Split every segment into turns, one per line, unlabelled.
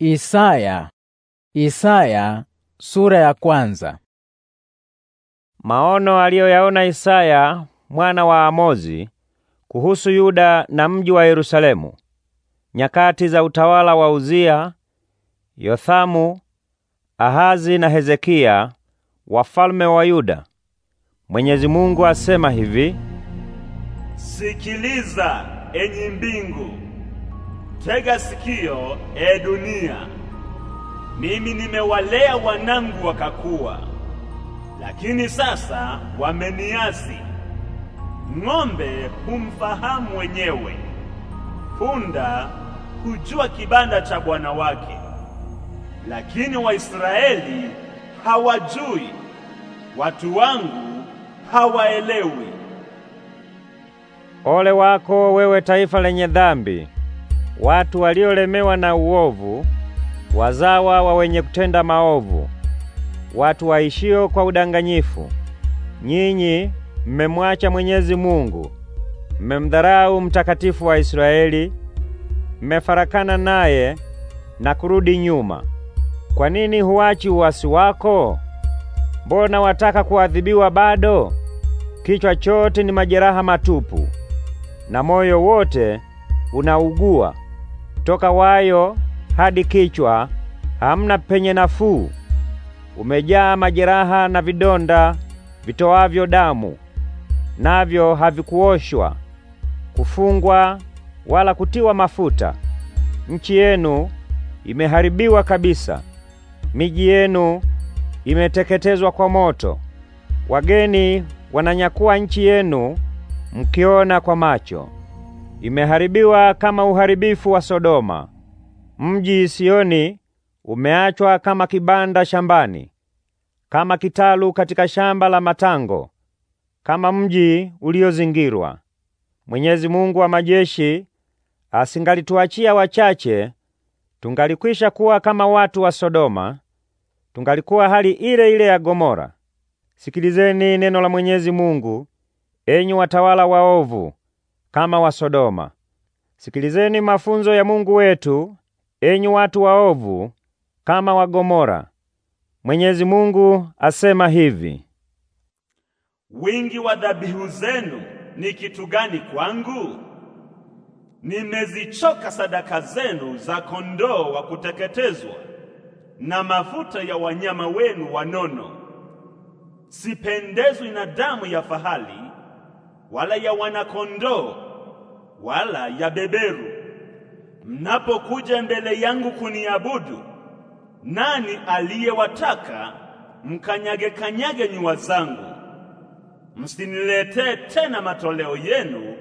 Isaya. Isaya sura ya kwanza. Maono aliyoyaona Isaya mwana wa Amozi kuhusu Yuda na mji wa Yerusalemu nyakati za utawala wa Uzia, Yothamu, Ahazi na Hezekia wafalme wa Yuda. Mwenyezi Mungu asema hivi:
Sikiliza enyi mbingu Tega sikio, e dunia, mimi nimewalea wanangu wakakuwa, lakini sasa wameniasi. Ng'ombe humfahamu wenyewe, punda hujua kibanda cha bwana wake, lakini Waisraeli hawajui, watu wangu hawaelewi.
Ole wako wewe taifa lenye dhambi watu waliolemewa na uovu, wazawa wa wenye kutenda maovu, watu waishio kwa udanganyifu. Nyinyi mmemwacha Mwenyezi Mungu, mmemdharau Mtakatifu wa Israeli, mmefarakana naye na kurudi nyuma. Kwa nini huachi uasi wako? Mbona wataka kuadhibiwa bado? Kichwa chote ni majeraha matupu na moyo wote unaugua toka wayo hadi kichwa, hamna penye nafuu. Umejaa majeraha na vidonda vitoavyo damu, navyo havikuoshwa, kufungwa wala kutiwa mafuta. Nchi yenu imeharibiwa kabisa, miji yenu imeteketezwa kwa moto. Wageni wananyakuwa nchi yenu mkiona kwa macho imeharibiwa kama uharibifu wa Sodoma. Mji Sioni umeachwa kama kibanda shambani, kama kitalu katika shamba la matango, kama mji uliozingirwa. Mwenyezi Mungu wa majeshi asingalituachia wachache, tungalikwisha kuwa kama watu wa Sodoma, tungalikuwa hali ile ile ya Gomora. Sikilizeni neno la Mwenyezi Mungu, enyi watawala waovu kama wa Sodoma. Sikilizeni mafunzo ya Mungu wetu, enyi watu waovu, kama wa Gomora. Mwenyezi Mungu asema hivi:
wingi wa dhabihu zenu ni kitu gani kwangu? Nimezichoka sadaka zenu za kondoo wa kuteketezwa na mafuta ya wanyama wenu wanono. Sipendezwi na damu ya fahali wala ya wanakondoo wala ya beberu mnapokuja mbele yangu kuniabudu, nani aliyewataka mkanyage kanyage nyua zangu? Msiniletee tena matoleo yenu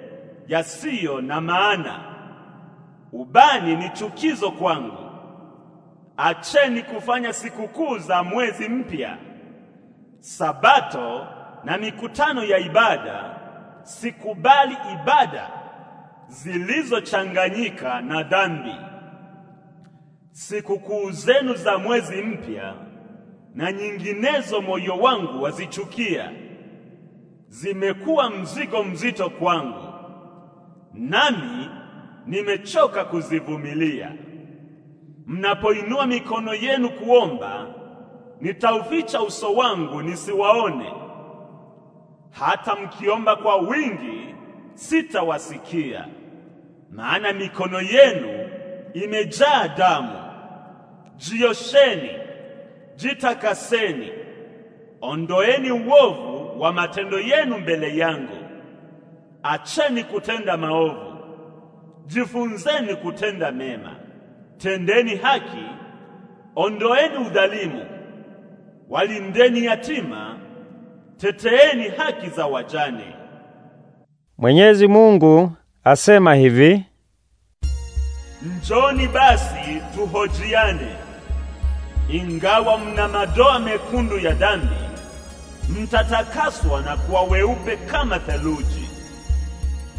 yasiyo na maana. Ubani ni chukizo kwangu. Acheni kufanya sikukuu za mwezi mpya, sabato na mikutano ya ibada sikubali ibada zilizochanganyika na dhambi. Sikukuu zenu za mwezi mpya na nyinginezo moyo wangu wazichukia, zimekuwa mzigo mzito kwangu, nami nimechoka kuzivumilia. Mnapoinua mikono yenu kuomba, nitauficha uso wangu nisiwaone hata mkiomba kwa wingi sitawasikia, maana mikono yenu imejaa damu. Jiosheni, jitakaseni, ondoeni uovu wa matendo yenu mbele yangu. Acheni kutenda maovu, jifunzeni kutenda mema. Tendeni haki, ondoeni udhalimu, walindeni yatima teteeni haki za wajane.
Mwenyezi Mungu asema hivi:
Njoni basi tuhojiane, ingawa mna madoa mekundu ya dhambi, mtatakaswa na kuwa weupe kama theluji.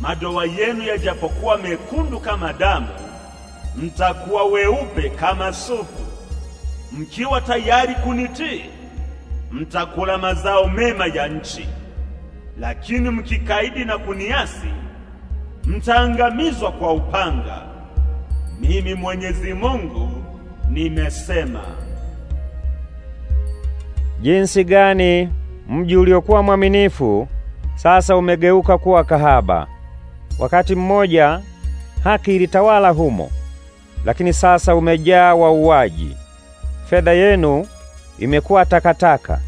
Madoa yenu yajapokuwa mekundu kama damu, mtakuwa weupe kama sufu, mkiwa tayari kunitii mtakula mazao mema ya nchi, lakini mkikaidi na kuniasi, mtaangamizwa kwa upanga. Mimi Mwenyezi Mungu nimesema.
Jinsi gani mji uliokuwa mwaminifu sasa umegeuka kuwa kahaba! Wakati mmoja haki ilitawala humo, lakini sasa umejaa wauaji. Fedha yenu imekuwa takataka,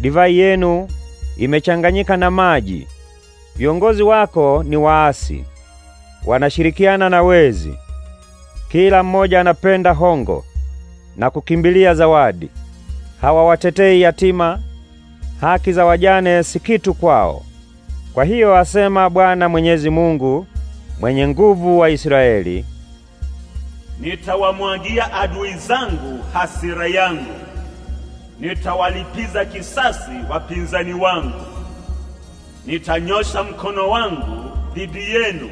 divai yenu imechanganyika na maji. Viongozi wako ni waasi, wanashirikiana na wezi. Kila mmoja anapenda hongo na kukimbilia zawadi. Hawawatetei yatima, haki za wajane si kitu kwao. Kwa hiyo asema Bwana Mwenyezi Mungu mwenye nguvu wa Israeli,
nitawamwagia adui zangu hasira yangu Nitawalipiza kisasi wapinzani wangu, nitanyosha mkono wangu dhidi yenu,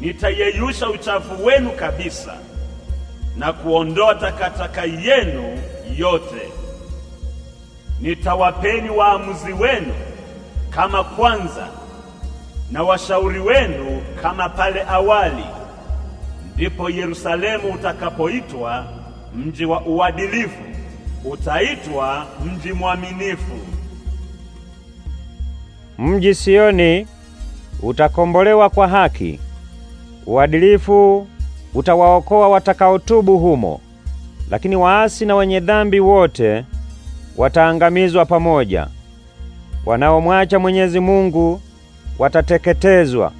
nitayeyusha uchafu wenu kabisa na kuondoa takataka yenu yote. Nitawapeni waamuzi wenu kama kwanza na washauri wenu kama pale awali. Ndipo Yerusalemu utakapoitwa mji wa uadilifu utaitwa mji mwaminifu.
Mji Sioni utakombolewa kwa haki, uadilifu utawaokoa watakaotubu humo, lakini waasi na wenye dhambi wote wataangamizwa pamoja. Wanaomwacha Mwenyezi Mungu watateketezwa.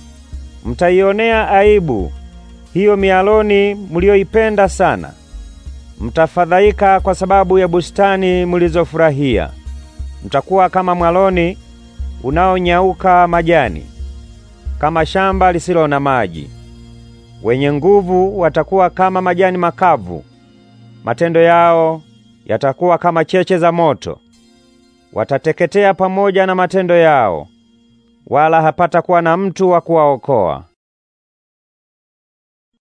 Mtaionea aibu hiyo mialoni mlioipenda sana mtafadhaika kwa sababu ya bustani mulizofurahia. Mtakuwa kama mwaloni unaonyauka majani, kama shamba lisilo na maji. Wenye nguvu watakuwa kama majani makavu, matendo yao yatakuwa kama cheche za moto. Watateketea pamoja na matendo yao, wala hapata kuwa na mtu wa kuwaokoa.